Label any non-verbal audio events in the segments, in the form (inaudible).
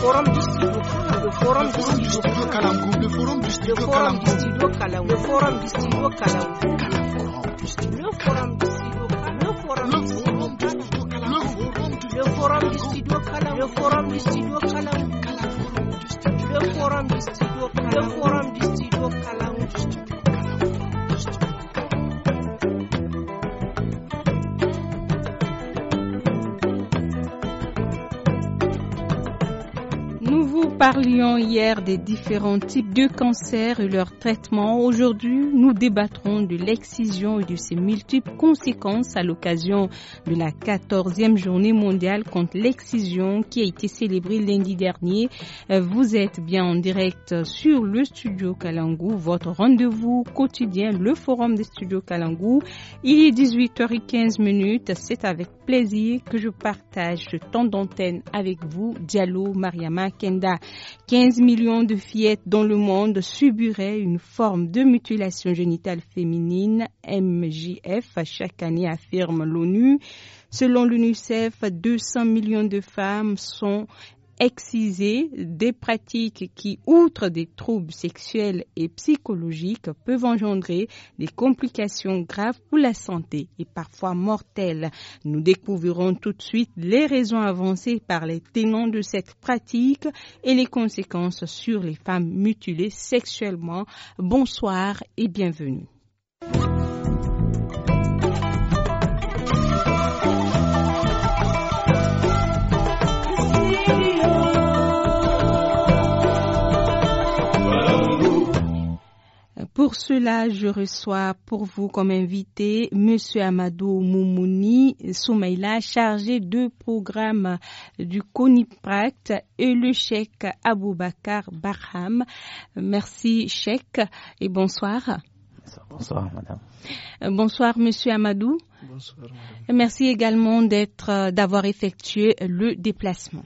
forum du studio le forum du studio Kalamkou le forum du studio Kalamkou le forum du studio Kalamkou le forum du studio Kalamkou le forum du studio Kalamkou le forum du studio Kalamkou le forum du studio Kalamkou le forum du studio Kalamkou le forum forum, forum, forum, du studio Kalamkou parlions hier des différents types de cancers et leur traitement. Aujourd'hui, nous débattrons de l'excision et de ses multiples conséquences à l'occasion de la 14e journée mondiale contre l'excision qui a été célébrée lundi dernier. Euh, vous êtes bien en direct sur le studio Kalangou, votre rendez-vous quotidien, le forum des studios Kalangou. Il est 18h15 minutes. C'est avec plaisir que je partage ce temps d'antenne avec vous, Diallo Mariama Kenda. 15 millions de fillettes dans le monde subiraient une forme de mutilation génitale féminine, MJF, chaque année affirme l'ONU. Selon l'UNICEF, 200 millions de femmes sont exciser des pratiques qui, outre des troubles sexuels et psychologiques, peuvent engendrer des complications graves pour la santé et parfois mortelles. Nous découvrirons tout de suite les raisons avancées par les tenants de cette pratique et les conséquences sur les femmes mutilées sexuellement. Bonsoir et bienvenue. Pour cela, je reçois pour vous comme invité M. Amadou Moumouni Soumaïla, chargé de programme du CONIPRACT et le Cheikh Aboubakar Barham. Merci, Cheikh, et bonsoir. Bonsoir, madame. Euh, bonsoir, monsieur Amadou. Bonsoir, madame. Merci également euh, d'avoir effectué le déplacement.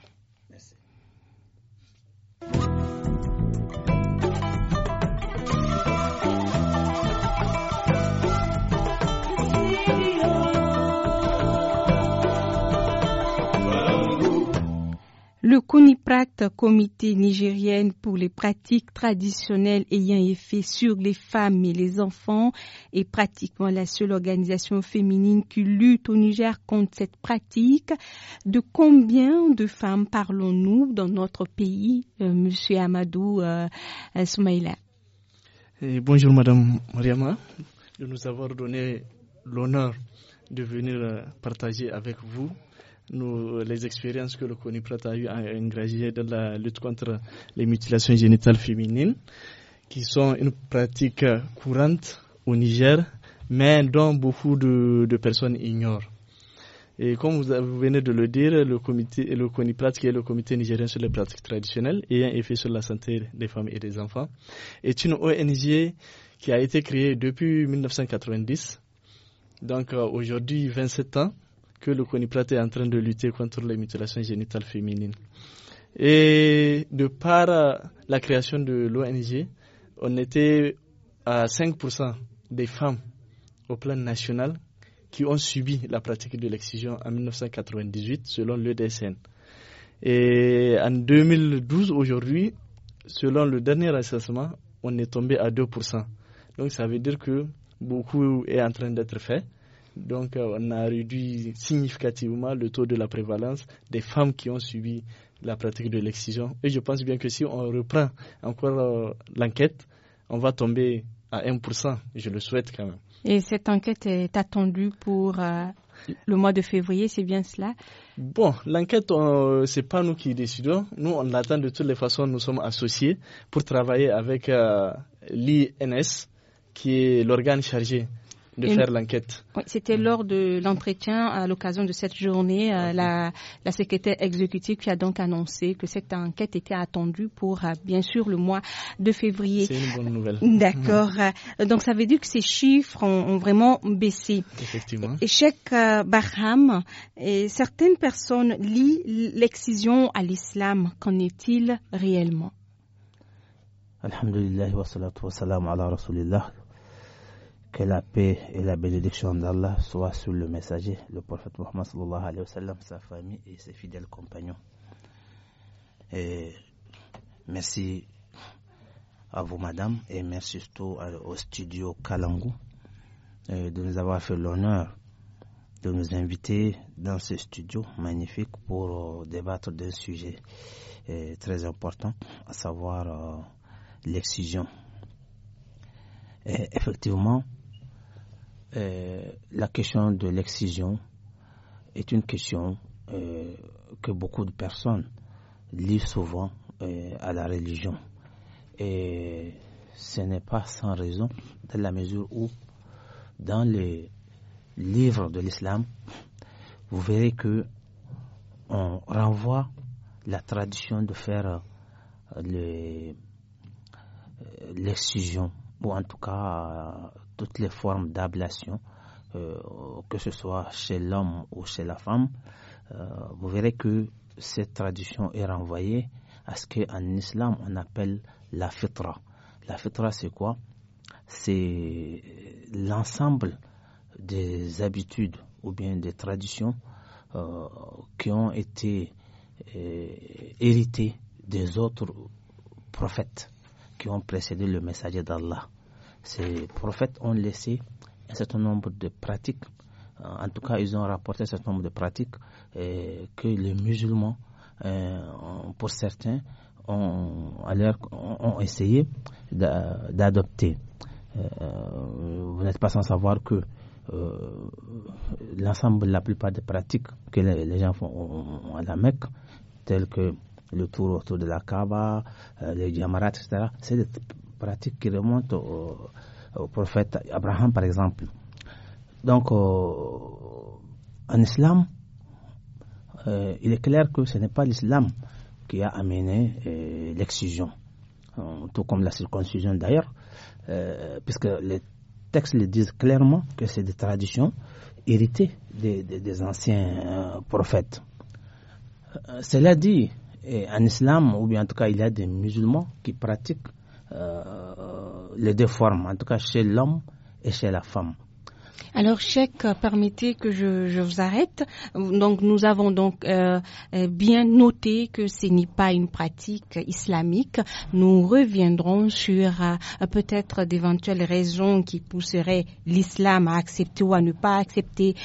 Le CONIPRACT, Comité nigérien pour les pratiques traditionnelles ayant effet sur les femmes et les enfants, est pratiquement la seule organisation féminine qui lutte au Niger contre cette pratique. De combien de femmes parlons-nous dans notre pays, euh, M. Amadou euh, euh eh, Bonjour Madame Mariama, de nous avoir donné l'honneur de venir euh, partager avec vous nous, les expériences que le CONIPRAT a eu à dans la lutte contre les mutilations génitales féminines, qui sont une pratique courante au Niger, mais dont beaucoup de, personnes ignorent. Et comme vous, venez de le dire, le comité, le CONIPRAT, qui est le comité nigérien sur les pratiques traditionnelles et un effet sur la santé des femmes et des enfants, est une ONG qui a été créée depuis 1990. Donc euh, aujourd'hui 27 ans que le CONIPRAT est en train de lutter contre les mutilations génitales féminines. Et de par euh, la création de l'ONG, on était à 5% des femmes au plan national qui ont subi la pratique de l'excision en 1998 selon l'EDSN. Et en 2012, aujourd'hui, selon le dernier assessment, on est tombé à 2%. Donc ça veut dire que beaucoup est en train d'être fait. Donc euh, on a réduit significativement le taux de la prévalence des femmes qui ont subi la pratique de l'excision. Et je pense bien que si on reprend encore euh, l'enquête, on va tomber à 1%. Je le souhaite quand même. Et cette enquête est attendue pour euh, le mois de février, c'est bien cela Bon, l'enquête, ce n'est pas nous qui décidons. Nous, on l'attend de toutes les façons. Nous sommes associés pour travailler avec l'INS, qui est l'organe chargé de faire l'enquête. c'était lors de l'entretien à l'occasion de cette journée, euh, la, la, secrétaire exécutive qui a donc annoncé que cette enquête était attendue pour euh, bien sûr le mois de février. C'est une bonne nouvelle. (laughs) D'accord. Euh, donc ça veut dire que ces chiffres ont, vraiment baissé. Effectivement. Échec Bahram et certaines personnes lient l'excision à l'islam. Qu'en est-il réellement? Alhamdulillah wa salatu wa salam ala rasulillah que la paix et la bénédiction d'Allah soient sur le messager, le prophète Muhammad sa famille et ses fidèles compagnons. merci à vous, madame, et merci surtout au studio Kalangu euh, de nous avoir fait l'honneur de nous inviter dans ce studio magnifique pour euh, débattre d'un sujet euh, très important, à savoir l'excision. effectivement, euh, la question de l'excision est une question euh, que beaucoup de personnes lient souvent euh, à la religion. Et ce n'est pas sans raison, dans la mesure où, dans les livres de l'islam, vous verrez que on renvoie la tradition de faire l'excision, ou en tout cas toutes les formes d'ablation, euh, que ce soit chez l'homme ou chez la femme, euh, vous verrez que cette tradition est renvoyée à ce qu'en islam on appelle la fitra. La fitra, c'est quoi C'est l'ensemble des habitudes ou bien des traditions euh, qui ont été héritées des autres prophètes qui ont précédé le messager d'Allah ces prophètes ont laissé un certain nombre de pratiques. Euh, en tout cas, ils ont rapporté un certain nombre de pratiques euh, que les musulmans, euh, pour certains, ont, ont essayé d'adopter. vous n'êtes pas sans savoir que l'ensemble, la plupart des pratiques que les, gens font à la Mecque, telles que le tour autour de la Kaaba, les diamarates, etc., c'est des pratique qui remontent au, prophète Abraham, par exemple. Donc, euh, en islam, euh, il est clair que ce n'est pas l'islam qui a amené l'exclusion. l'excision, euh, tout comme la circoncision d'ailleurs, puisque les textes le disent clairement que c'est des traditions héritées des, des anciens prophètes. cela dit, en islam, ou bien en tout cas, il y a des musulmans qui pratiquent euh, les deux formes, en tout cas chez l'homme et chez la femme. Alors, Cheikh, permettez que je, je, vous arrête. Donc, nous avons donc euh, euh, bien noté que ce n'est pas une pratique islamique. Nous reviendrons sur euh, peut-être d'éventuelles raisons qui pousseraient l'islam à accepter ou à ne pas accepter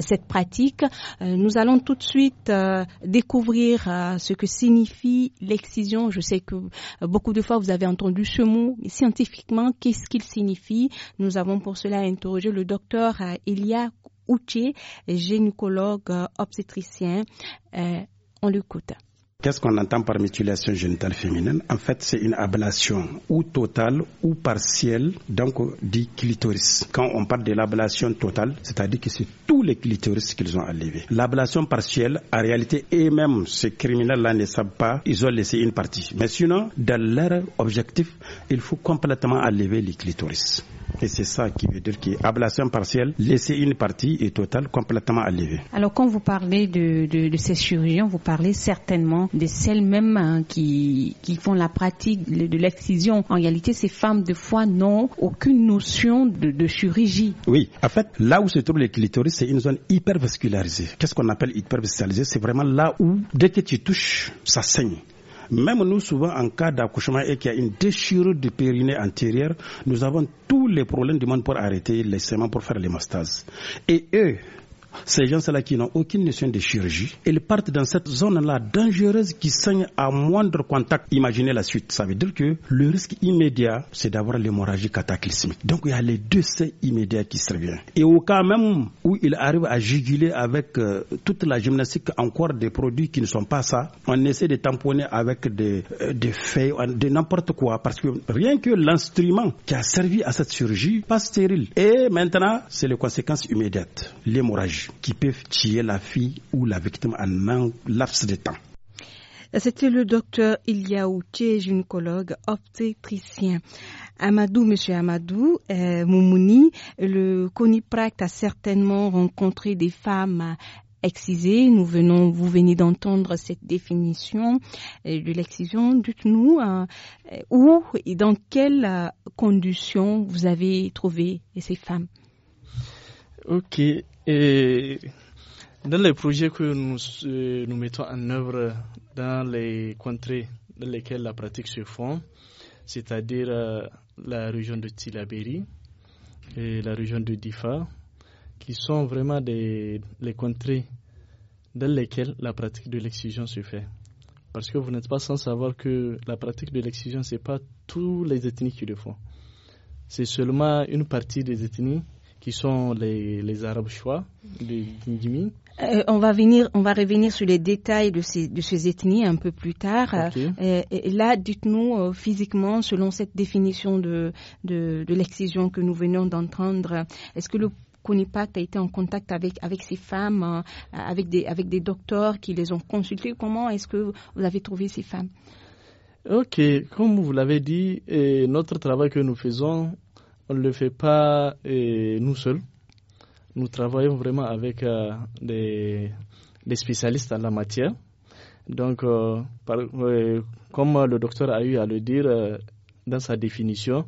cette pratique. nous allons tout de suite découvrir ce que signifie l'excision. Je sais que beaucoup de fois vous avez entendu ce mot. Scientifiquement, qu'est-ce qu'il signifie Nous avons pour cela interrogé le docteur il y a Outier, gynécologue euh, obstétricien. Euh, on l'écoute. Qu'est-ce qu'on entend par mutilation génitale féminine En fait, c'est une ablation ou totale ou partielle donc du clitoris. Quand on parle de l'ablation totale, c'est-à-dire que c'est tous les clitoris qu'ils ont enlevés. L'ablation partielle, en réalité, et même ces criminels-là ne savent pas, ils ont laissé une partie. Mais sinon, dans leur objectif, il faut complètement enlever les clitoris. Et c'est ça qui veut dire qu'ablation partielle, laisser une partie et totale complètement à Alors quand vous parlez de, de, ces chirurgiens, vous parlez certainement de celles mêmes hein, qui, qui font la pratique de l'excision. En réalité, ces femmes de fois n'ont aucune notion de, de, chirurgie. Oui, en fait, là où se trouve le clitoris, c'est une zone hypervascularisée. Qu'est-ce qu'on appelle hypervascularisée C'est vraiment là où, dès que tu touches, ça saigne. Même nous, souvent, en cas d'accouchement et qu'il y a une déchirure du périnée antérieur, nous avons tous les problèmes du monde pour arrêter les séments, pour faire les Et eux, ces gens-là qui n'ont aucune notion de chirurgie, ils partent dans cette zone-là dangereuse qui saigne à moindre contact. Imaginez la suite. Ça veut dire que le risque immédiat, c'est d'avoir l'hémorragie cataclysmique. Donc il y a les deux immédiats qui surviennent. Et au cas même où ils arrivent à juguler avec euh, toute la gymnastique encore des produits qui ne sont pas ça, on essaie de tamponner avec des, euh, feuilles, de n'importe quoi, parce que rien que l'instrument qui a servi à cette chirurgie pas stérile. Et maintenant, c'est les conséquences immédiates, l'hémorragie qui peuvent tuer la fille ou la victime en un laps de temps. C'était le docteur Outej, gynécologue obstétricien. Amadou, monsieur Amadou, euh, Moumouni, le Conipract a certainement rencontré des femmes excisées. Nous venons, vous venez d'entendre cette définition euh, de l'excision. Dites-nous euh, où et dans quelles conditions vous avez trouvé ces femmes. Ok, et dans les projets que euh, nous, mettons en œuvre dans les contrées dans lesquelles la pratique se fait, c'est-à-dire euh, la région de Tilaberi et la région de Difa, qui sont vraiment des, les contrées dans lesquelles la pratique de l'excision se fait. Parce que vous n'êtes pas sans savoir que la pratique de l'excision, ce n'est pas tous les ethnies qui le font. C'est seulement une partie des ethnies qui sont les, Arabes choix les euh, on va venir, on va revenir sur les détails de ces, de ces ethnies un peu plus tard. Euh, et là, dites-nous euh, physiquement, selon cette définition de, de, l'excision que nous venons d'entendre, est-ce que le Kunipat a été en contact avec, avec ces femmes, avec, des, avec des docteurs qui les ont consultées Comment est-ce que vous avez trouvé ces femmes Ok, comme vous l'avez dit, notre travail que nous faisons on ne le fait pas euh, nous seuls. Nous travaillons vraiment avec euh, des, spécialistes en la matière. Donc, euh, comme le docteur a eu à le dire dans sa définition,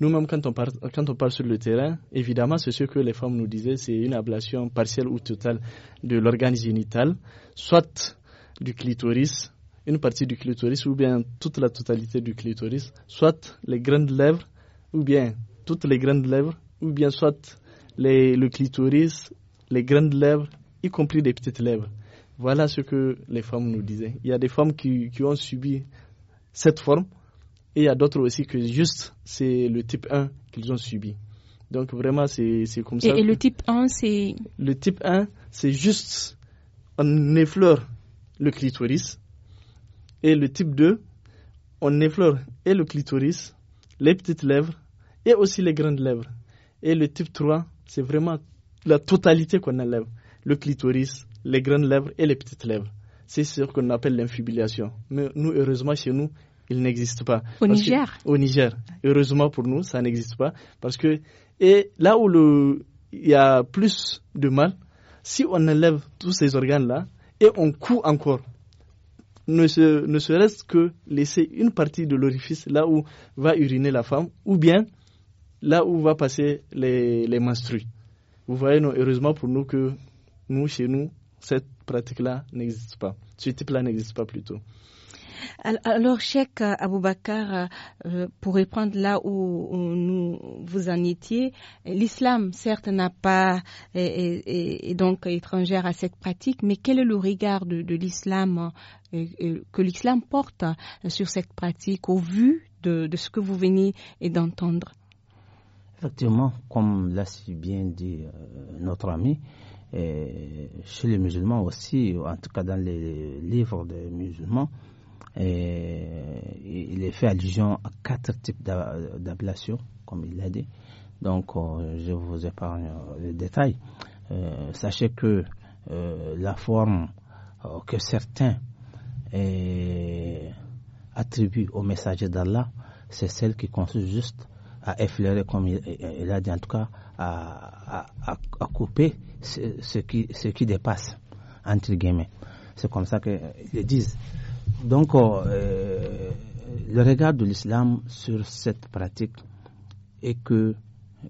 nous-mêmes, quand, on parle quand on parle sur le terrain, évidemment, c'est ce que les femmes nous disaient, c'est une ablation partielle ou totale de l'organe génital, soit du clitoris, une partie du clitoris ou bien toute la totalité du clitoris, soit les grandes lèvres ou bien toutes les grandes lèvres, ou bien soit le clitoris, les grandes lèvres, y compris les petites lèvres. Voilà ce que les femmes nous disaient. Il y a des femmes qui, qui ont subi cette forme, et il y a d'autres aussi que juste c'est le type 1 qu'ils ont subi. Donc vraiment, c'est comme ça. Et, et le type 1, c'est... Le type 1, c'est juste on effleure le clitoris. Et le type 2, on effleure et le clitoris, les petites lèvres et aussi les grandes lèvres. Et le type 3, c'est vraiment la totalité qu'on enlève. Le clitoris, les grandes lèvres et les petites lèvres. C'est ce qu'on appelle l'infibulation. Mais nous, heureusement, chez nous, il n'existe pas. Au Niger Au Niger. Heureusement pour nous, ça n'existe pas. Parce que, et là où le, il y a plus de mal, si on enlève tous ces organes-là et on coud encore, ne, se, ne serait-ce que laisser une partie de l'orifice là où va uriner la femme, ou bien là où va passer les, les menstrues. Vous voyez, heureusement pour nous que nous, chez nous, cette pratique-là n'existe pas. Ce type-là n'existe pas plutôt. Alors, Cheikh Aboubakar, euh, pour reprendre là où nous, vous en étiez, l'islam, certes, n'a pas, et, donc étrangère à cette pratique, mais quel est le regard de, l'islam, euh, euh, que l'islam porte sur cette pratique au vu de ce que vous venez d'entendre Effectivement, comme l'a si bien dit euh, notre ami, euh, chez les musulmans aussi, en tout cas dans les livres des musulmans, euh, il est fait allusion à quatre types d'ablations, comme il l'a dit. Donc, je vous épargne les détails. sachez que la forme que certains attribuent au messager d'Allah, c'est celle qui consiste juste à effleurer, comme il, a dit en tout cas, à, à, couper ce, qui, ce qui dépasse, entre guillemets. C'est comme ça qu'ils disent. Donc, euh, le regard de l'islam sur cette pratique est que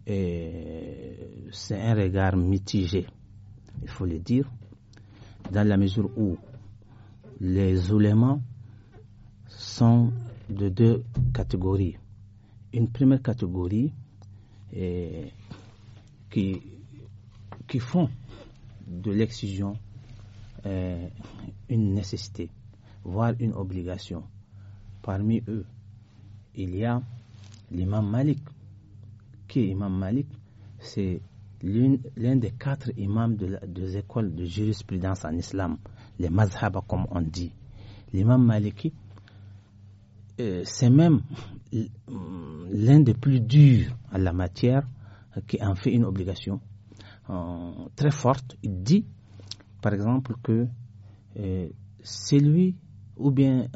euh, c'est un regard mitigé, il faut le dire, dans la mesure où les oulémas sont de deux catégories une première catégorie euh, qui, qui font de l'excision euh, une nécessité, voire une obligation. Parmi eux, il y a l'imam Malik. Qui est imam Malik C'est l'un des quatre imams de des écoles de jurisprudence en islam, les mazhabas comme on dit. L'imam Maliki, euh, c'est même l'un des plus durs à la matière qui en fait une obligation euh, très forte. Il dit, par exemple, que euh, c'est lui ou bien,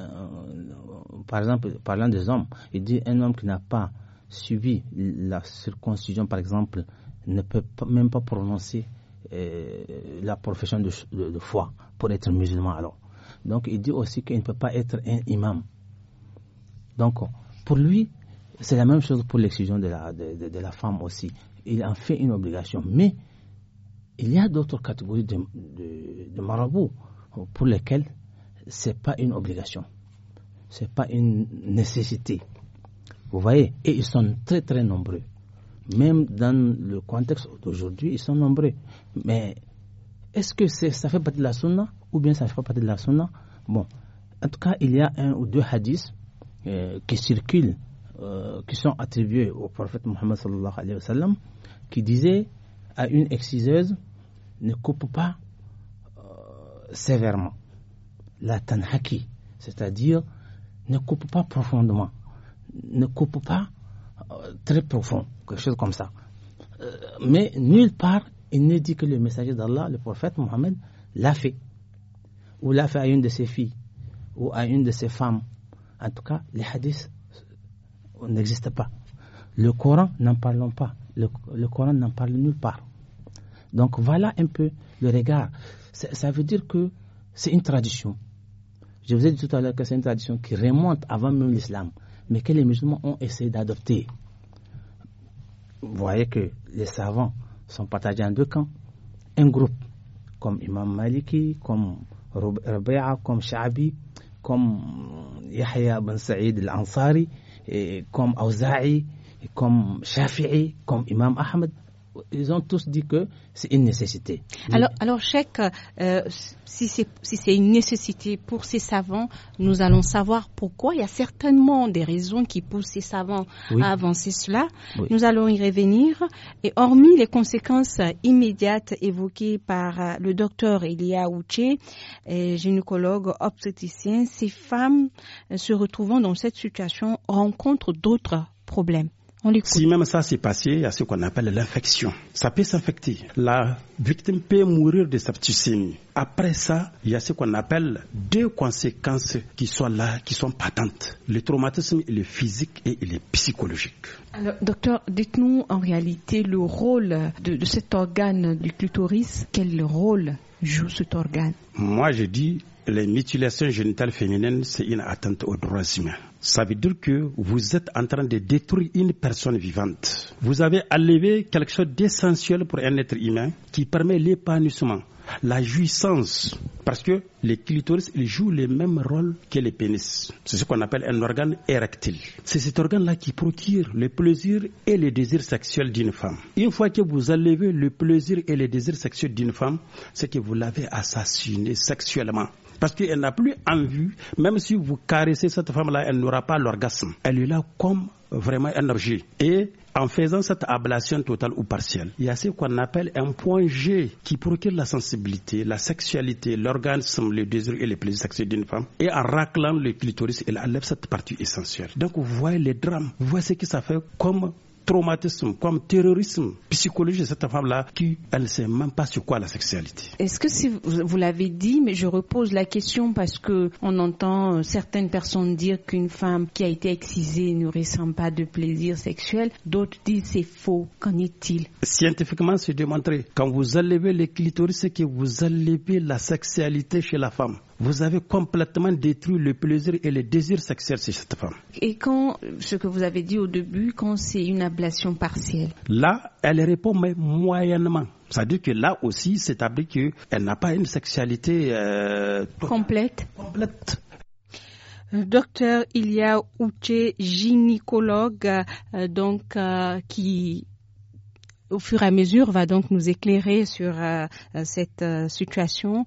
par exemple, parlant des hommes, il dit un homme qui n'a pas suivi la circoncision, par exemple, ne peut même pas prononcer la profession de, de foi pour être musulman alors. Donc il dit aussi qu'il ne peut pas être un imam. Donc, pour lui, c'est la même chose pour l'exclusion de la, de, la femme aussi. Il en fait une obligation. Mais il y a d'autres catégories de, marabouts pour lesquels ce n'est pas une obligation. Ce n'est pas une nécessité. Vous voyez Et ils sont très très nombreux. Même dans le contexte d'aujourd'hui, ils sont nombreux. Mais est-ce que ça fait partie de la sunna ou bien ça ne fait pas partie de la sunna Bon, en tout cas, il y a un ou deux hadiths euh, qui circulent, euh, qui sont attribués au prophète Mohammed qui disait à une exciseuse ne coupe pas euh, sévèrement. La tanhaki, c'est-à-dire ne coupe pas profondément, ne coupe pas très profond, quelque chose comme ça. mais nulle part, il ne dit que le messager d'Allah, le prophète Mohammed, l'a fait. Ou l'a fait à une de ses filles, ou à une de ses femmes, en tout cas, les hadiths n'existent pas. Le Coran, n'en parlons pas. Le, Coran n'en parle nulle part. Donc voilà un peu le regard. Ça veut dire que c'est une tradition. Je vous ai dit tout à l'heure que c'est une tradition qui remonte avant même l'islam, mais que les musulmans ont essayé d'adopter. Vous voyez que les savants sont partagés en deux camps. Un groupe, comme Imam Maliki, comme Rabia, comme Shabi, كوم يحيى بن سعيد الأنصاري إيه، كوم أوزاعي كوم شافعي كوم إمام أحمد ils ont tous dit que c'est une nécessité. Alors, alors chèque, euh, si c'est si une nécessité pour ces savants, nous allons savoir pourquoi. Il y a certainement des raisons qui poussent ces savants à avancer cela. Nous allons y revenir. Et hormis les conséquences immédiates évoquées par euh, le docteur Elia Ouché, gynécologue obstétricien, ces femmes euh, se retrouvant dans cette situation rencontrent d'autres problèmes si même ça s'est passé, il y a ce qu'on appelle l'infection. Ça peut s'infecter. La victime peut mourir de septicémie. Après ça, il y a ce qu'on appelle deux conséquences qui sont là, qui sont patentes. Le traumatisme, il est physique et il est psychologique. Alors, docteur, dites-nous en réalité le rôle de, de cet organe du clitoris. Quel rôle joue cet organe Moi, je dis les mutilations génitales féminines, c'est une atteinte aux droits humains. Ça veut dire que vous êtes en train de détruire une personne vivante. Vous avez enlevé quelque chose d'essentiel pour un être humain qui permet l'épanouissement la jouissance, parce que les clitoris ils jouent le même rôle que les pénis. C'est ce qu'on appelle un organe érectile. C'est cet organe-là qui procure le plaisir et le désir sexuel d'une femme. Une fois que vous enlevez le plaisir et le désir sexuel d'une femme, c'est que vous l'avez assassinée sexuellement parce qu'elle n'a plus envie, même si vous caressez cette femme-là, elle n'aura pas l'orgasme. Elle est là comme vraiment un Et en faisant cette ablation totale ou partielle, il y a ce qu'on appelle un point G qui procure la sensibilité, la sexualité, l'organisme, le désir et les plaisirs sexuels d'une femme. Et en raclant le clitoris, elle enlève cette partie essentielle. Donc vous voyez les drames, vous voyez ce que ça fait comme traumatisme, comme terrorisme psychologique de cette femme-là qui, elle ne sait même pas sur quoi la sexualité. Est-ce que si vous l'avez dit, mais je repose la question parce que on entend euh, certaines personnes dire qu'une femme qui a été excisée ne ressent pas de plaisir sexuel, d'autres disent c'est faux. Qu'en est-il Scientifiquement, c'est démontré. Quand vous enlevez les clitoris, c'est que vous enlevez la sexualité chez la femme vous avez complètement détruit le plaisir et le désir sexuel chez cette femme. Et quand, ce que vous avez dit au début, quand c'est une ablation partielle Là, elle répond, mais moyennement. Ça à dire que là aussi, c'est établi qu'elle n'a pas une sexualité euh, complète. complète. Euh, docteur a Ouché, gynécologue, euh, donc, qui au fur et à mesure, va donc nous éclairer sur euh, euh, cette euh, situation.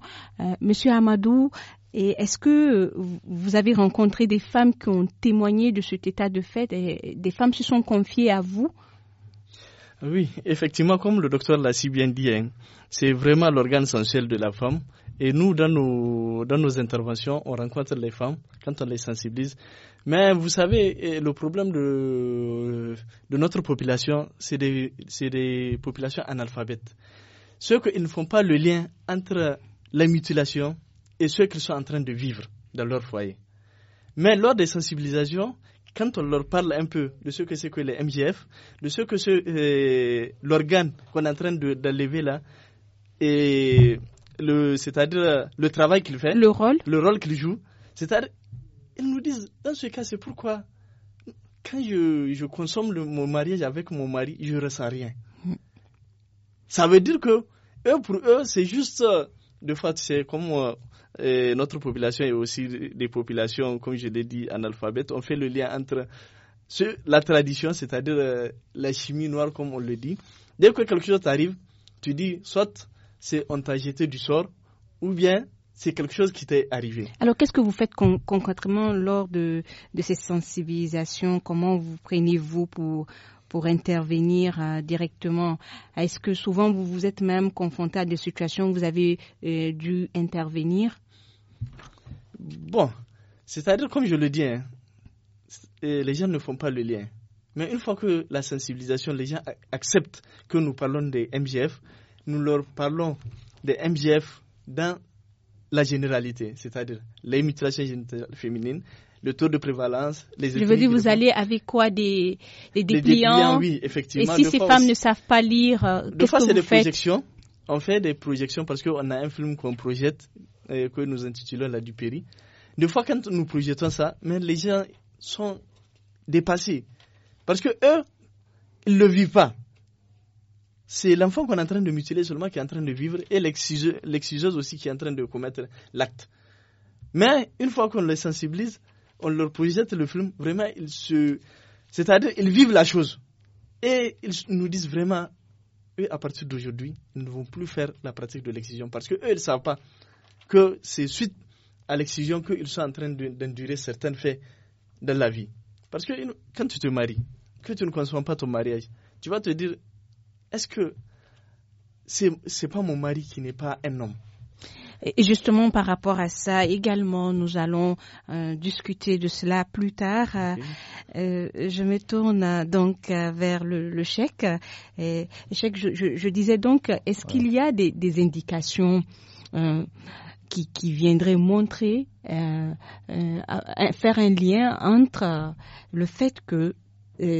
Monsieur Amadou, est-ce que vous avez rencontré des femmes qui ont témoigné de cet état de fait et des femmes se sont confiées à vous ah Oui, effectivement, comme le docteur l'a si bien dit, hein, c'est vraiment l'organe essentiel de la femme. Et nous, dans nos, dans nos interventions, on rencontre les femmes quand on les sensibilise. Mais vous savez, eh, le problème de, notre population, c'est des, populations analphabètes. Ceux qui ne font pas le lien entre la mutilation et ceux qu'ils sont en train de vivre dans leur foyer. Mais lors des sensibilisations, quand on leur parle un peu de ce que c'est que les MGF, de ce que c'est eh, l'organe qu'on est en train d'enlever là, et c'est-à-dire le travail qu'ils fait, le rôle, le rôle qu'il joue, c'est-à-dire ils nous disent, dans ce cas, c'est pourquoi, quand je, je consomme mon mariage avec mon mari, je ne ressens rien. Ça veut dire que, eux, pour eux, c'est juste, de fait, c'est comme euh, notre population et aussi des populations, comme je l'ai dit, analphabètes. On fait le lien entre la tradition, c'est-à-dire euh, la chimie noire, comme on le dit. Dès que quelque chose t'arrive, tu dis, soit c'est on t'a jeté du sort, ou bien c'est quelque chose qui t'est arrivé. Alors, qu'est-ce que vous faites concrètement lors de, ces sensibilisations Comment vous prenez-vous pour, pour intervenir euh, directement Est-ce que souvent vous vous êtes même confronté à des situations où vous avez euh, dû intervenir Bon, c'est-à-dire, comme je le dis, hein, euh, les gens ne font pas le lien. Mais une fois que la sensibilisation, les gens acceptent que nous parlons des MGF, nous leur parlons des MGF dans la généralité, c'est-à-dire les mutilations féminines, le taux de prévalence, les Je veux dire, vous allez avec quoi des, des dépliants, Oui, effectivement. Et si ces femmes ne savent pas lire, euh, de qu'est-ce des projections. On fait des projections parce qu'on a un film qu'on projette, euh, que nous intitulons La Dupérie. Des fois, quand nous projetons ça, mais les gens sont dépassés. Parce que eux, ils ne le vivent pas c'est l'enfant qu'on est en train de mutiler seulement qui est en train de vivre et l'excuseuse aussi qui est en train de commettre l'acte. Mais une fois qu'on les sensibilise, on leur projette le film, vraiment, ils se... c'est-à-dire ils vivent la chose. Et ils nous disent vraiment, eux, à partir d'aujourd'hui, ils ne vont plus faire la pratique de l'excision parce qu'eux, ils ne savent pas que c'est suite à l'excision qu'ils sont en train d'endurer certains faits dans la vie. Parce que quand tu te maries, que tu ne conçois pas ton mariage, tu vas te dire, est-ce que c'est n'est pas mon mari qui n'est pas un homme et justement, par rapport à ça, également, nous allons euh, discuter de cela plus tard. Euh, euh, je me tourne donc vers le, chèque. je, disais donc, est-ce qu'il y a des, indications qui, qui, viendraient montrer, faire un lien entre le fait que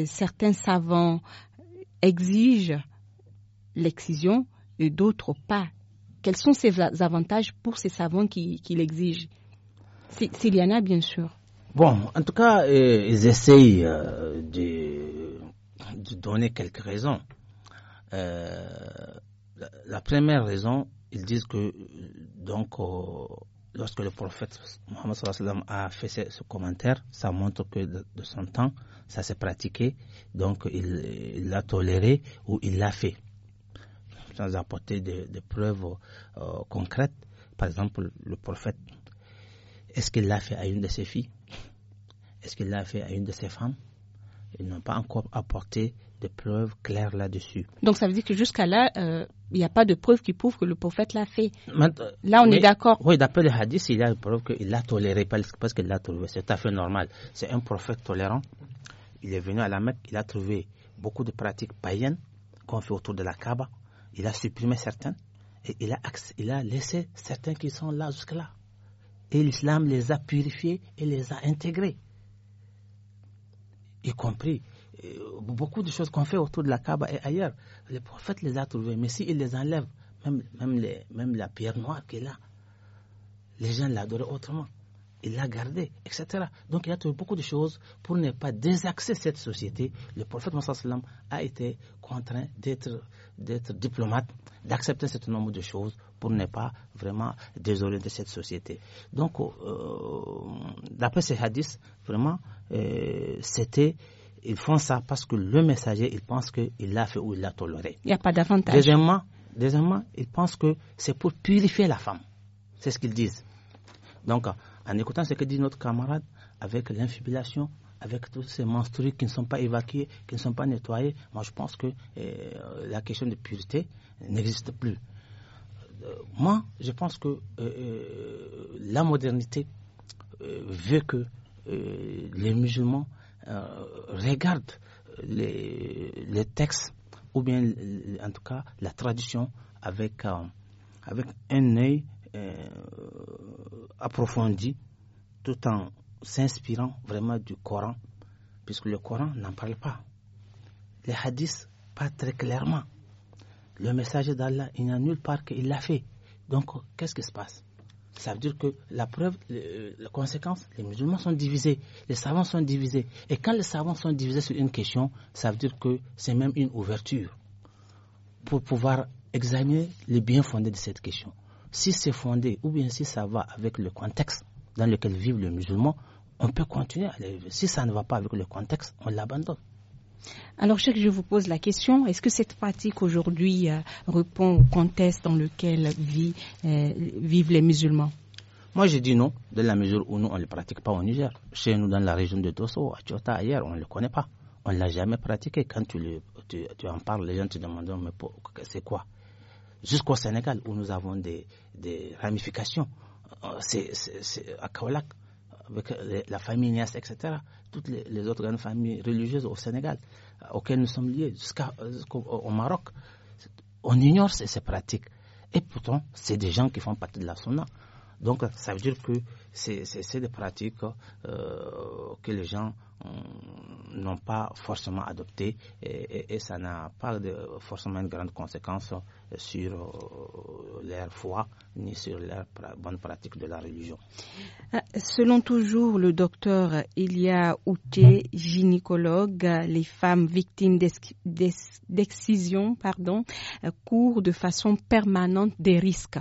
certains savants exigent l'excision et d'autres pas Quels sont ces avantages pour ces savants qui, l'exigent S'il y en a, bien sûr. Bon, en tout cas, euh, ils essayent euh, de, donner quelques raisons. Euh, la, première raison, ils disent que donc lorsque le prophète Mohammed a fait ce, commentaire, ça montre que de, de son temps, ça s'est pratiqué, donc il l'a toléré ou il l'a fait sans apporter des de preuves euh, concrètes. Par exemple, le prophète, est-ce qu'il l'a fait à une de ses filles Est-ce qu'il l'a fait à une de ses femmes Ils n'ont pas encore apporté de preuves claires là-dessus. Donc ça veut dire que jusqu'à là, euh, il n'y a pas de preuves qui prouvent que le prophète l'a fait. là, on est d'accord. Oui, d'après le hadith, il y a des preuves qu'il l'a toléré parce qu'il l'a trouvé. C'est tout à fait normal. C'est un prophète tolérant. Il est venu à la Mecque, il a trouvé beaucoup de pratiques païennes qu'on fait autour de la Kaaba. Il a supprimé certains et il a, a laissé certains qui sont là jusque-là. Et l'islam les a purifiés et les a intégrés. Y compris euh, beaucoup de choses qu'on fait autour de la Kaaba et ailleurs. Le prophète les a trouvés, mais s'il les enlève, même, même, les, même la pierre noire qui est là, les gens l'adoraient autrement il l'a gardé, etc. Donc il a trouvé beaucoup de choses pour ne pas désaxer cette société. Le prophète Mohammed a été contraint d'être diplomate, d'accepter ce nombre de choses pour ne pas vraiment de cette société. Donc, euh, d'après ces hadiths, vraiment, euh, c'était ils font ça parce que le messager, il pense qu'il l'a fait ou il l'a toléré. Il n'y a pas d'avantage. Deuxièmement, deuxièmement, ils pensent que c'est pour purifier la femme. C'est ce qu'ils disent. Donc, en écoutant ce que dit notre camarade, avec l'infibulation, avec tous ces menstrues qui ne sont pas évacués, qui ne sont pas nettoyés, moi je pense que eh, la question de pureté n'existe plus. Euh, moi, je pense que euh, euh, la modernité veut que les musulmans regardent les, textes, ou bien en tout cas la tradition, avec, avec un œil euh, approfondie tout en s'inspirant vraiment du Coran, puisque le Coran n'en parle pas. Les hadiths, pas très clairement. Le message d'Allah, il n'y a nulle part qu'il l'a fait. Donc, qu'est-ce qui se passe Ça veut dire que la preuve, la euh, conséquence, les musulmans sont divisés, les savants sont divisés. Et quand les savants sont divisés sur une question, ça veut dire que c'est même une ouverture pour pouvoir examiner les bien fondés de cette question si c'est fondé ou bien si ça va avec le contexte dans lequel vivent les musulmans, on peut continuer à les Si ça ne va pas avec le contexte, on l'abandonne. Alors, cher, je vous pose la question est-ce que cette pratique aujourd'hui euh, répond au contexte dans lequel euh, vivent les musulmans Moi, je dis non, dans la mesure où nous, on ne le pratique pas au Niger. Chez nous, dans la région de Dosso, à Tchota, ailleurs, on ne le connaît pas. On ne l'a jamais pratiqué. Quand tu, tu, en parles, les gens te demandent mais c'est quoi jusqu'au Sénégal où nous avons des, ramifications. Euh, c'est à Kaolak, avec euh, la famille Nias, etc. Toutes les, autres grandes familles religieuses au Sénégal, euh, auxquelles nous sommes liés, jusqu'au Maroc. On ignore ces, pratiques. Et pourtant, c'est des gens qui font partie de la sunna. Donc, ça veut dire que c'est des pratiques euh, que les gens euh, n'ont pas forcément adoptées et, ça n'a pas forcément une grande conséquence sur euh, leur foi ni sur la bonne pratique de la religion. Selon toujours le docteur Ilia Outé, gynécologue, les femmes victimes d'excision courent de façon permanente des risques.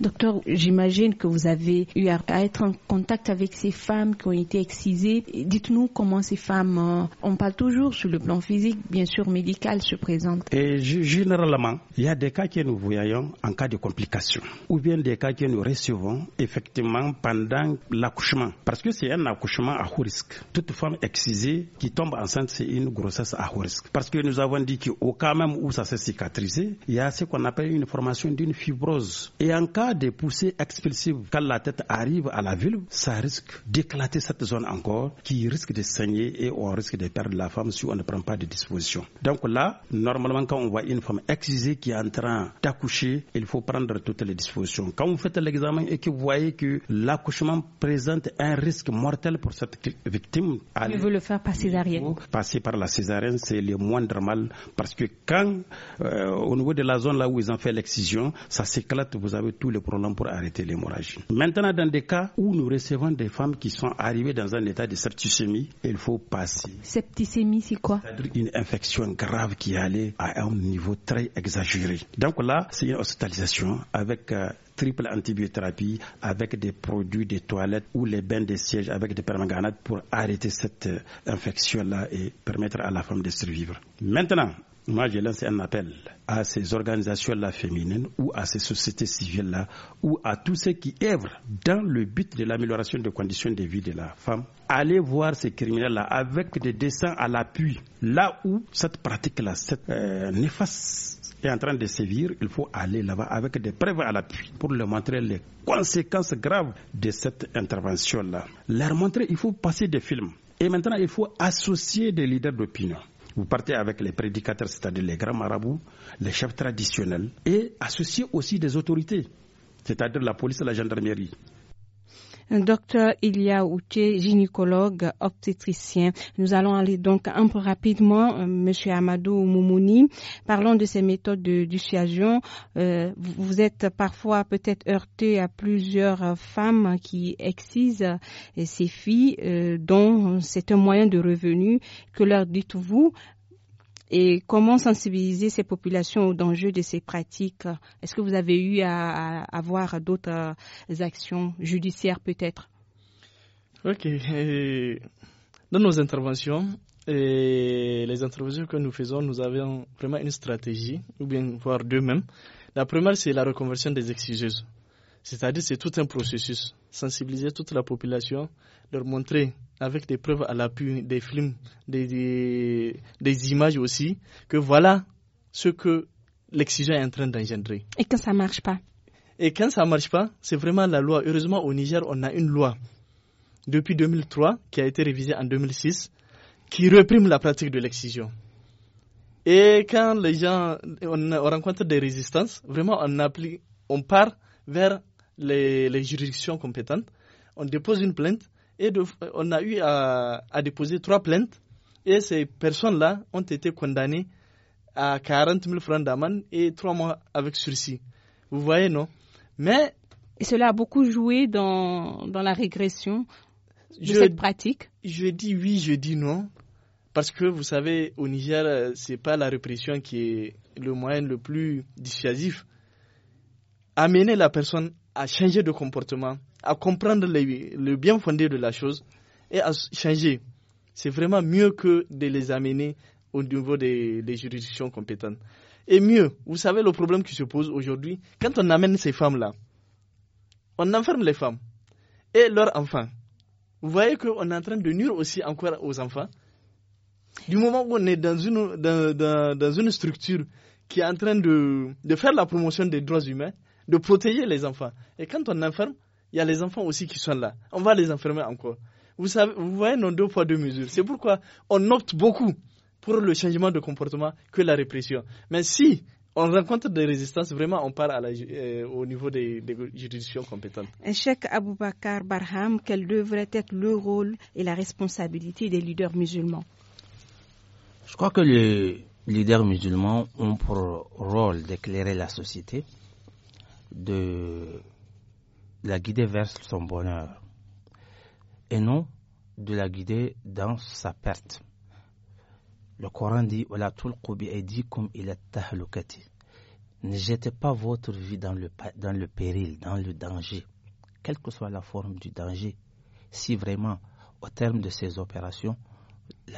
Docteur, j'imagine que vous avez eu à être en contact avec ces femmes qui ont été excisées. Dites-nous comment ces femmes, euh, on parle toujours sur le plan physique, bien sûr médical, se présentent. Et généralement, il y a des cas que nous voyons en cas de complications ou bien des cas que nous recevons effectivement pendant l'accouchement. Parce que c'est un accouchement à haut risque. Toute femme excisée qui tombe enceinte, c'est une grossesse à haut risque. Parce que nous avons dit qu'au cas même où ça s'est cicatrisé, il y a ce qu'on appelle une formation d'une fibrose. Et en cas des poussées expulsives, quand la tête arrive à la ville, ça risque d'éclater cette zone encore, qui risque de saigner et on risque de perdre la femme si on ne prend pas de dispositions. Donc là, normalement, quand on voit une femme excisée qui est en train d'accoucher, il faut prendre toutes les dispositions. Quand vous faites l'examen et que vous voyez que l'accouchement présente un risque mortel pour cette victime, elle veut le faire par césarienne. Passer par la césarienne, c'est le moindre mal parce que quand, euh, au niveau de la zone là où ils ont fait l'excision, ça s'éclate, vous avez tous les le pour arrêter l'hémorragie. Maintenant, dans des cas où nous recevons des femmes qui sont arrivées dans un état de septicémie, il faut passer. Septicémie, c'est quoi cest une infection grave qui est allée à un niveau très exagéré. Donc là, c'est une hospitalisation avec euh, triple antibiothérapie avec des produits des toilettes ou les bains de siège avec des permanganates pour arrêter cette euh, infection-là et permettre à la femme de survivre. Maintenant, moi, je lance un appel à ces organisations-là féminines ou à ces sociétés civiles-là ou à tous ceux qui œuvrent dans le but de l'amélioration des conditions de vie de la femme. Allez voir ces criminels-là avec des dessins à l'appui. Là où cette pratique-là, cette euh, néfaste est en train de sévir, il faut aller là-bas avec des preuves à l'appui pour leur montrer les conséquences graves de cette intervention-là. Leur montrer, il faut passer des films. Et maintenant, il faut associer des leaders d'opinion. Vous partez avec les prédicateurs, c'est-à-dire les grands marabouts, les chefs traditionnels, et associez aussi des autorités, c'est-à-dire la police et la gendarmerie. Docteur Ilia Outé, gynécologue, obstétricien. Nous allons aller donc un peu rapidement, euh, Monsieur Amadou Moumouni. Parlons de ces méthodes de dissuasion. Euh, vous êtes parfois peut-être heurté à plusieurs femmes qui excisent euh, ces filles, euh, dont c'est un moyen de revenu. Que leur dites-vous et comment sensibiliser ces populations aux dangers de ces pratiques Est-ce que vous avez eu à, avoir d'autres euh, actions judiciaires peut-être Ok. Dans nos interventions, et les interventions que nous faisons, nous avons vraiment une stratégie, ou bien voire deux mêmes. La première, c'est la reconversion des exigeuses. C'est-à-dire, c'est tout un processus. Sensibiliser toute la population, leur montrer avec des preuves à l'appui, des films, des, des, images aussi, que voilà ce que l'excision est en train d'engendrer. Et quand ça ne marche pas Et quand ça ne marche pas, c'est vraiment la loi. Heureusement, au Niger, on a une loi depuis 2003 qui a été révisée en 2006 qui réprime la pratique de l'excision. Et quand les gens, on, rencontre des résistances, vraiment, on, on part vers les, les juridictions compétentes, on dépose une plainte et on a eu à, déposer trois plaintes et ces personnes-là ont été condamnées à 40 000 francs d'amende et trois mois avec sursis. Vous voyez, non Mais. Et cela a beaucoup joué dans, la régression de cette pratique Je dis oui, je dis non. Parce que vous savez, au Niger, euh, ce n'est pas la répression qui est le moyen le plus dissuasif. Amener la personne à changer de comportement, à comprendre le bien fondé de la chose et à changer. C'est vraiment mieux que de les amener au niveau des, juridictions compétentes. Et mieux, vous savez le problème qui se pose aujourd'hui, quand on amène ces femmes-là, on enferme les femmes et leurs enfants. Vous voyez qu'on est en train de nuire aussi encore aux enfants. Du moment où on est dans une, dans, dans, dans une structure qui est en train de, de, faire la promotion des droits humains, de protéger les enfants. Et quand on enferme, il y a les enfants aussi qui sont là. On va les enfermer encore. Vous, savez, vous voyez nos deux poids, deux mesures. C'est pourquoi on opte beaucoup pour le changement de comportement que la répression. Mais si on rencontre des résistances, vraiment, on part à euh, au niveau des, des juridictions compétentes. Cheikh Aboubakar Barham, quel devrait être le rôle et la responsabilité des leaders musulmans Je crois que les leaders musulmans ont pour rôle d'éclairer la société, de la guider vers son bonheur et non de la guider dans sa perte. Le Coran dit Ne jetez pas votre vie dans le, dans le péril, dans le danger, quelle que soit la forme du danger. Si vraiment, au terme de ces opérations,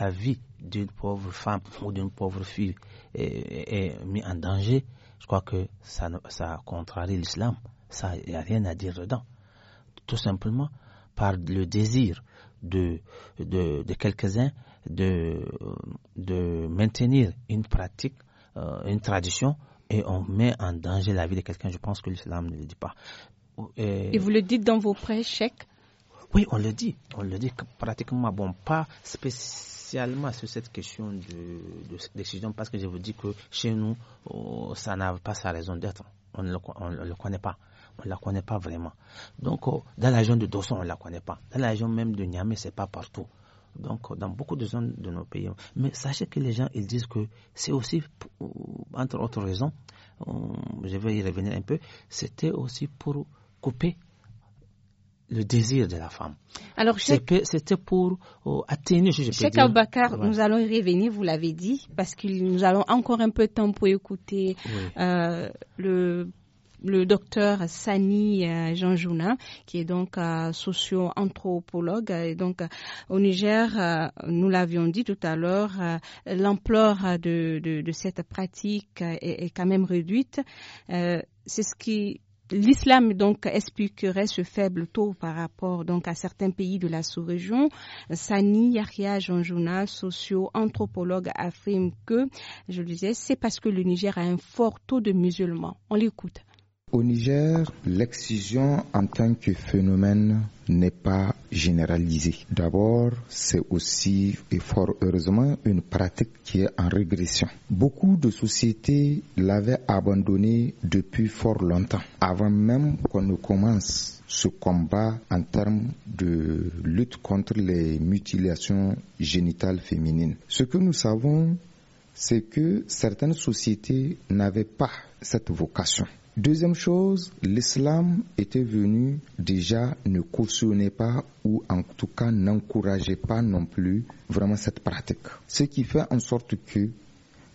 la vie d'une pauvre femme ou d'une pauvre fille est, mise en danger, je crois que ça, ça contrarie l'islam il n'y a rien à dire dedans. Tout simplement par le désir de, de, quelques-uns de, de maintenir une pratique, euh, une tradition, et on met en danger la vie de quelqu'un. Je pense que l'islam ne le dit pas. Euh, et, vous le dites dans vos prêches, Oui, on le dit. On le dit pratiquement, bon, pas spécialement sur cette question de, décision, parce que je vous dis que chez nous, oh, ça n'a pas sa raison d'être. On ne le, on le connaît pas on ne la connaît pas vraiment. Donc, oh, dans la région de Dosson, on ne la connaît pas. Dans la région même de Niamey, ce n'est pas partout. Donc, oh, dans beaucoup de zones de nos pays. Oh. Mais sachez que les gens, ils disent que c'est aussi, euh, entre autres raisons, je vais y revenir un peu, c'était aussi pour couper le désir de la femme. Alors, c'était pour atteindre... je Cheikh nous allons y revenir, vous l'avez dit, parce que nous allons encore un peu de temps pour écouter euh, le le docteur Sani euh, Jean qui est donc euh, socio-anthropologue. Et donc, euh, au Niger, nous l'avions dit tout à l'heure, l'ampleur de, cette pratique est, quand même réduite. C'est ce qui L'islam donc expliquerait ce faible taux par rapport donc à certains pays de la sous-région. Sani Yahya Janjouna, socio-anthropologue, affirme que, je le disais, c'est parce que le Niger a un fort taux de musulmans. On l'écoute. Au Niger, l'excision en tant que phénomène n'est pas généralisée. D'abord, c'est aussi, et fort heureusement, une pratique qui est en régression. Beaucoup de sociétés l'avaient abandonnée depuis fort longtemps, avant même qu'on ne commence ce combat en termes de lutte contre les mutilations génitales féminines. Ce que nous savons, c'est que certaines sociétés n'avaient pas cette vocation. Deuxième chose, l'islam était venu déjà ne cautionnait pas ou en tout cas n'encourageait pas non plus vraiment cette pratique. Ce qui fait en sorte que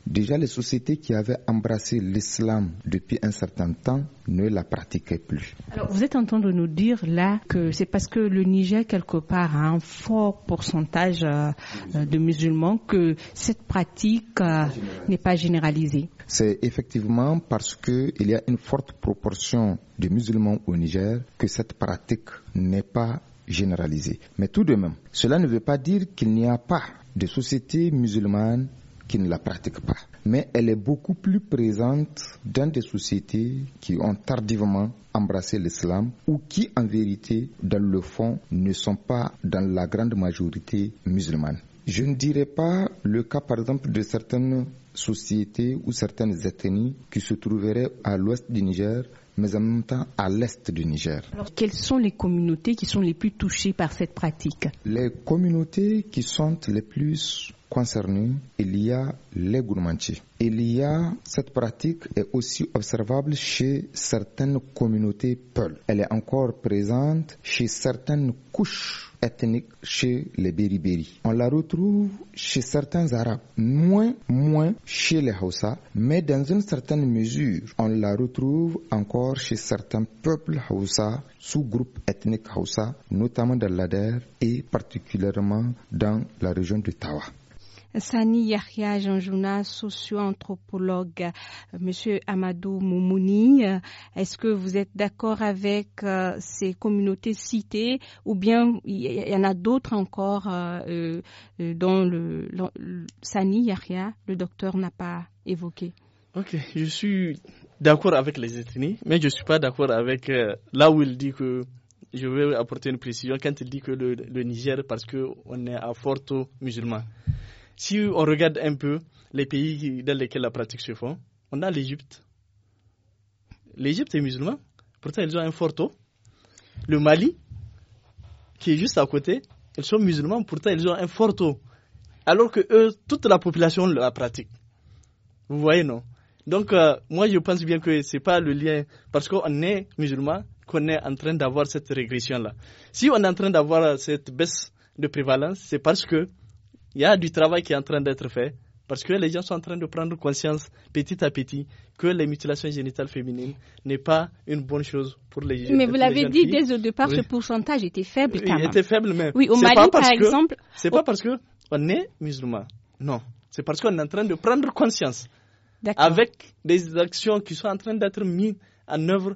déjà les sociétés qui avaient embrassé l'islam depuis un certain temps ne la pratiquaient plus. Alors vous êtes en train de nous dire là que c'est parce que le Niger quelque part a un fort pourcentage euh, de musulmans que cette pratique euh, n'est pas généralisée. C'est effectivement parce qu'il y a une forte proportion de musulmans au Niger que cette pratique n'est pas généralisée. Mais tout de même, cela ne veut pas dire qu'il n'y a pas de société musulmane qui ne la pratique pas. Mais elle est beaucoup plus présente dans des sociétés qui ont tardivement embrassé l'islam ou qui en vérité dans le fond ne sont pas dans la grande majorité musulmane. Je ne dirais pas le cas par exemple de certaines sociétés ou certaines ethnies qui se trouveraient à l'ouest du Niger mais en même temps à l'est du Niger. Alors, quelles sont les communautés qui sont les plus touchées par cette pratique Les communautés qui sont les plus concernées, il y a les gourmandis. Il y a cette pratique est aussi observable chez certaines communautés Peul. Elle est encore présente chez certaines couches ethniques chez les Beriberi. On la retrouve chez certains Arabes, moins, moins chez les Hausa, mais dans une certaine mesure, on la retrouve encore chez certains peuples Hausa, sous-groupes ethniques Hausa, notamment dans l'Ader et particulièrement dans la région de Tawa. Sani Yahya socio-anthropologue. Monsieur Amadou Moumouni, est-ce que vous êtes d'accord avec euh, ces communautés citées ou bien il y, en a d'autres encore euh, euh, dont le, le, Sani Yahya, le docteur, n'a pas évoqué Ok, je suis d'accord avec les ethnies, mais je ne suis pas d'accord avec euh, là où il dit que, je vais apporter une précision, quand il dit que le, Niger, parce qu'on est à fort musulman. Si on regarde un peu les pays dans lesquels la pratique se fait, on a l'Égypte. L'Égypte est musulman pourtant ils ont un fort taux. Le Mali, qui est juste à côté, ils sont musulmans, pourtant ils ont un fort taux. Alors que eux, toute la population la pratique. Vous voyez, non donc, euh, moi, je pense bien que c'est pas le lien, parce qu'on est musulman, qu'on est en train d'avoir cette régression-là. Si on est en train d'avoir euh, cette baisse de prévalence, c'est parce que il y a du travail qui est en train d'être fait, parce que les gens sont en train de prendre conscience petit à petit que les mutilations génitales féminines n'est pas une bonne chose pour les jeunes. Mais vous l'avez dit dès le départ, ce pourcentage était faible. il était faible, mais oui, au Mali, par exemple, c'est pas parce qu'on est musulman. Non, c'est parce qu'on est en train de prendre conscience avec des actions qui sont en train d'être mises en œuvre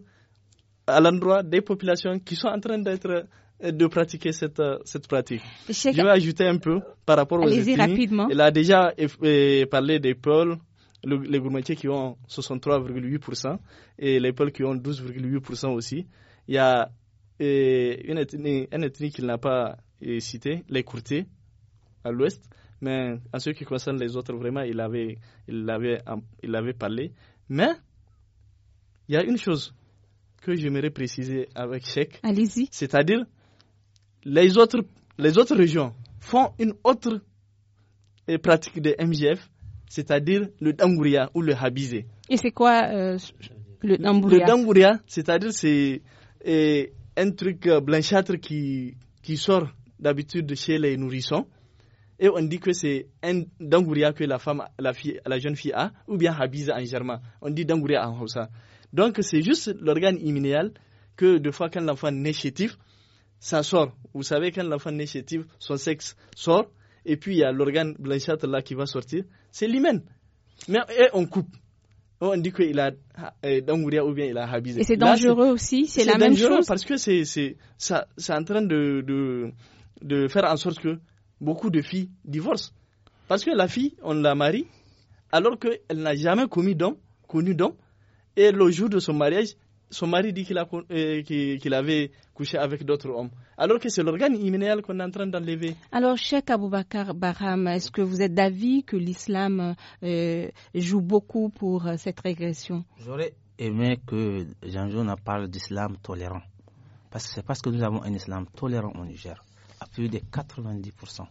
à l'endroit des populations qui sont en train d'être euh, de pratiquer cette, euh, cette pratique. Je vais ajouter un peu par rapport aux ethnies. rapidement. Il a déjà euh, parlé des pôles, les gourmetiers qui ont 63,8% et les pôles qui ont 12,8% aussi. Il y a une une ethnie qu'il n'a pas citée, les courtiers à l'ouest. Mais en ce qui concerne les autres, vraiment, il avait, il avait, il avait parlé. Mais il y a une chose que j'aimerais préciser avec Cheikh. Allez-y. C'est-à-dire, les autres, les autres régions font une autre pratique de MGF, c'est-à-dire le dangouria ou le habizé. Et c'est quoi euh, le dangouria Le dangouria, c'est-à-dire c'est un truc euh, blanchâtre qui, qui sort d'habitude chez les nourrissons et on dit que c'est un dangouria que la femme, la, fille, la jeune fille a, ou bien habise en germain. On dit dangouria en hausa. Donc c'est juste l'organe immunéal que des fois quand l'enfant négatif ça sort. Vous savez quand l'enfant naît son sexe sort, et puis il y a l'organe blanchâtre là qui va sortir, c'est l'hymen. Mais on coupe. On dit qu'il a euh, dangouria ou bien il a habise. Et c'est dangereux aussi, c'est la même chose. C'est dangereux parce que c'est ça, c'est en train de, de, de faire en sorte que beaucoup de filles divorcent. Parce que la fille, on la marie alors qu'elle n'a jamais commis d'homme, connu d'homme. Et le jour de son mariage, son mari dit qu'il euh, avait couché avec d'autres hommes. Alors que c'est l'organe immunéal qu'on est en train d'enlever. Alors, Cheikh Aboubakar Barham, est-ce que vous êtes d'avis que l'islam euh, joue beaucoup pour euh, cette régression J'aurais aimé que Jean-Jean parle d'islam tolérant. Parce que c'est parce que nous avons un islam tolérant au Niger à plus de 90%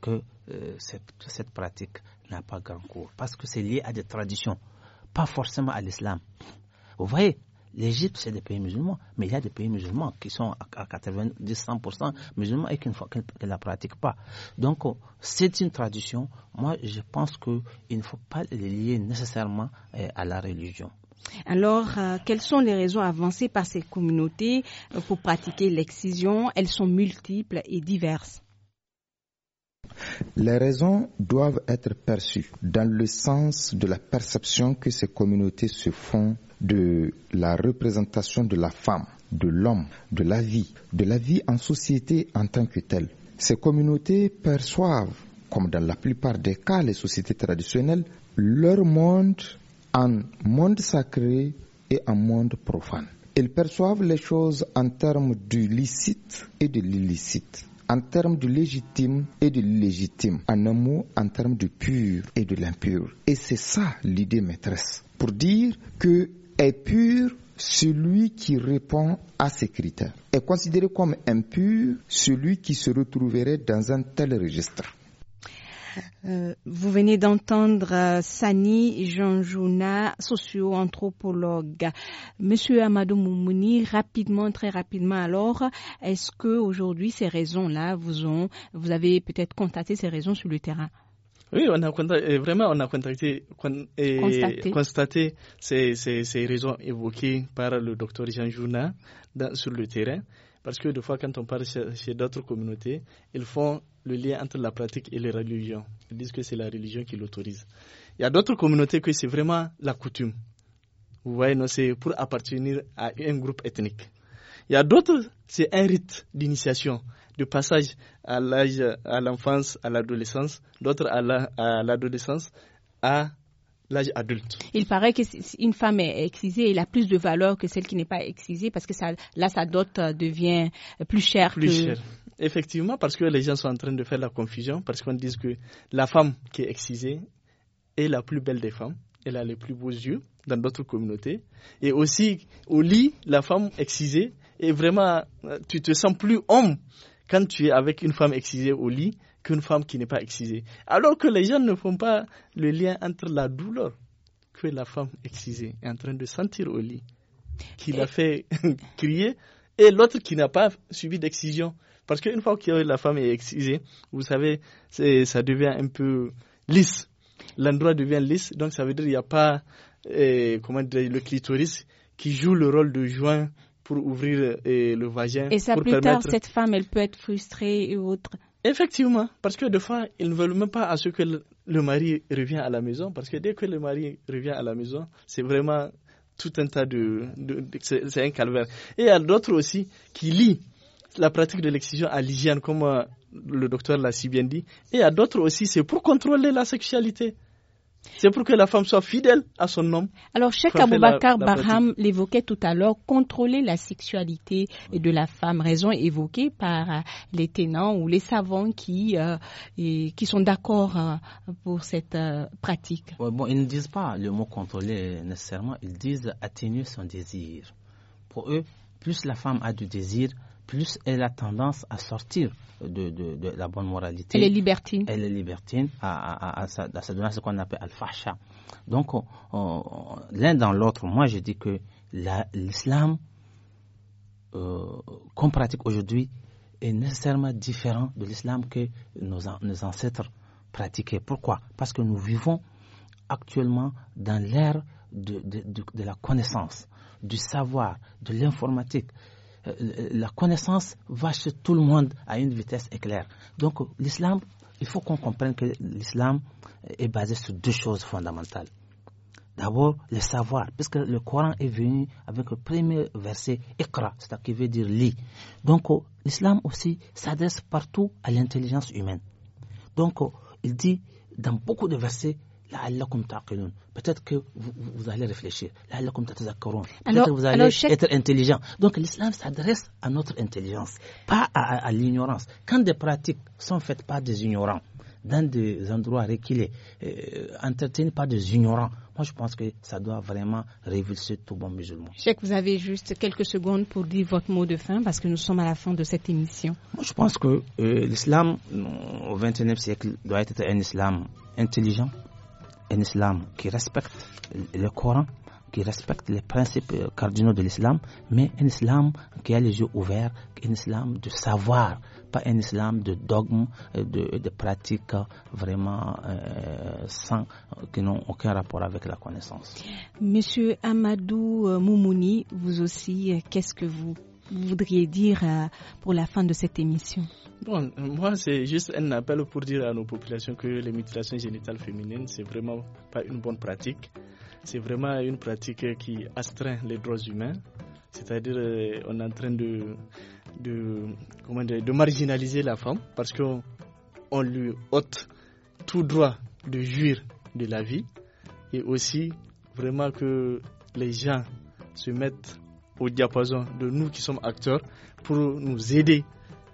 que euh, cette, cette, pratique n'a pas grand cours. Parce que c'est lié à des traditions, pas forcément à l'islam. Vous voyez, l'Égypte, c'est des pays musulmans, mais il y a des pays musulmans qui sont à, 90-100% musulmans et qui ne, qui ne, la pratiquent pas. Donc, euh, c'est une tradition. Moi, je pense qu'il ne faut pas les lier nécessairement euh, à la religion. Alors, euh, quelles sont les raisons avancées par ces communautés euh, pour pratiquer l'excision Elles sont multiples et diverses. Les raisons doivent être perçues dans le sens de la perception que ces communautés se font de la représentation de la femme, de l'homme, de la vie, de la vie en société en tant que telle. Ces communautés perçoivent, comme dans la plupart des cas les sociétés traditionnelles, leur monde en monde sacré et un monde profane. Ils perçoivent les choses en termes du licite et de l'illicite, en termes du légitime et de légitime, en un mot, en termes du pur et de l'impur. Et c'est ça l'idée maîtresse, pour dire que est pur celui qui répond à ces critères, est considéré comme impur celui qui se retrouverait dans un tel registre. Euh, vous venez d'entendre euh, Sani Jeanjouna, socio-anthropologue. Monsieur Amadou Moumouni, rapidement, très rapidement alors, est-ce que aujourd'hui ces raisons-là vous ont, vous avez peut-être constaté ces raisons sur le terrain? Oui, on a vraiment, on a contacté, constaté, ces, raisons évoquées par le docteur Jean sur le terrain. Parce que des fois, quand on parle chez, d'autres communautés, ils font le lien entre la pratique et les religions. Ils disent que c'est la religion qui l'autorise. Il y a d'autres communautés que c'est vraiment la coutume. Vous voyez, c'est pour appartenir à un groupe ethnique. Il y a d'autres, c'est un rite d'initiation, de passage à l'âge, à l'enfance, à l'adolescence, d'autres à l'adolescence, à l'âge adulte. Il paraît que une femme est excisée, elle a plus de valeur que celle qui n'est pas excisée parce que ça, là, sa dot euh, devient euh, plus chère. Plus Effectivement, parce que les gens sont en train de faire la confusion, parce qu'on dit que la femme qui est excisée est la plus belle des femmes, elle a les plus beaux yeux dans d'autres communautés. Et aussi, au lit, la femme excisée est vraiment, euh, tu te sens plus homme quand tu es avec une femme excisée au lit qu'une femme qui n'est pas excisée. Alors que les gens ne font pas le lien entre la douleur que la femme excisée est en train de sentir au lit, qui l'a fait (laughs) crier, et l'autre qui n'a pas subi d'excision. Parce qu'une fois que la femme est excisée, vous savez, ça devient un peu lisse. L'endroit devient lisse, donc ça veut dire qu'il n'y a pas euh, comment dire, le clitoris qui joue le rôle de joint pour ouvrir euh, le vagin. Et ça, plus tard, cette femme, elle peut être frustrée et autre. Effectivement, parce que des fois, ils ne veulent même pas à ce que le, mari revienne à la maison, parce que dès que le mari revient à la maison, c'est vraiment tout un tas de... de c'est un calvaire. Et il y a d'autres aussi qui lient la pratique de l'excision à l'hygiène, comme euh, le docteur l'a si bien dit. Et il y a d'autres aussi, c'est pour contrôler la sexualité. C'est pour que la femme soit fidèle à son homme. Alors, Cheikh Aboubakar Barham l'évoquait tout à l'heure, contrôler la sexualité de la femme, raison évoquée par euh, les tenants ou les savants qui, euh, qui sont d'accord euh, pour cette pratique. bon, ils ne disent pas le mot contrôler nécessairement, ils disent atténuer son désir. Pour eux, plus la femme a du désir, plus elle a tendance à sortir de, de, la bonne moralité. Elle est libertine. Elle est libertine, à, à, à, se donner ce qu'on appelle al-fahsha. Donc, euh, euh, l'un dans l'autre, moi je dis que l'islam euh, qu'on pratique aujourd'hui est nécessairement différent de l'islam que nos, nos ancêtres pratiquaient. Pourquoi Parce que nous vivons actuellement dans l'ère de, de, de, de, la connaissance, du savoir, de l'informatique, euh, la connaissance va chez tout le monde à une vitesse éclair. Donc l'islam, il faut qu'on comprenne que l'islam est basé sur deux choses fondamentales. D'abord, le savoir, puisque le Coran est venu avec le premier verset, Iqra, c'est-à-dire qui veut dire Donc, euh, l'islam aussi s'adresse partout à l'intelligence humaine. Donc, euh, il dit dans beaucoup de versets, Peut-être que vous, allez réfléchir. Peut-être que vous allez être intelligent. Donc l'islam s'adresse à notre intelligence, pas à, l'ignorance. Quand des pratiques sont faites par des ignorants, dans des endroits reculés, euh, par des ignorants. Moi, je pense que ça doit vraiment révulser tout bon musulman. que vous avez juste quelques secondes pour dire votre mot de fin parce que nous sommes à la fin de cette émission. Moi, je pense que euh, l'islam au XXIe siècle doit être un islam intelligent, un islam qui respecte le Coran, qui respecte les principes cardinaux de l'islam, mais un islam qui a les yeux ouverts, un islam de savoir, pas un islam de dogme, de, pratiques vraiment euh, sans, qui n'ont aucun rapport avec la connaissance. Monsieur Amadou euh, Moumouni, vous aussi, euh, qu'est-ce que vous vous voudriez dire euh, pour la fin de cette émission Bon, moi, c'est juste un appel pour dire à nos populations que les mutilations génitales féminines, c'est vraiment pas une bonne pratique. C'est vraiment une pratique qui astreint les droits humains. C'est-à-dire, euh, on est en train de, de, comment dire, de marginaliser la femme parce qu'on on lui ôte tout droit de jouir de la vie et aussi vraiment que les gens se mettent au diapason de nous qui sommes acteurs pour nous aider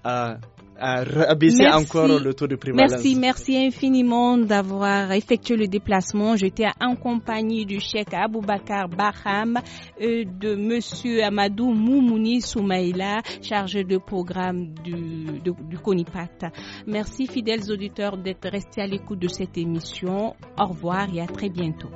à, abaisser encore le taux de prévalence. Merci, merci infiniment d'avoir effectué le déplacement. J'étais en compagnie du chef Aboubakar Baham et de monsieur Amadou Moumouni Soumaïla, chargé de programme du, du CONIPAT. Merci, fidèles auditeurs, d'être restés à l'écoute de cette émission. Au revoir et à très bientôt.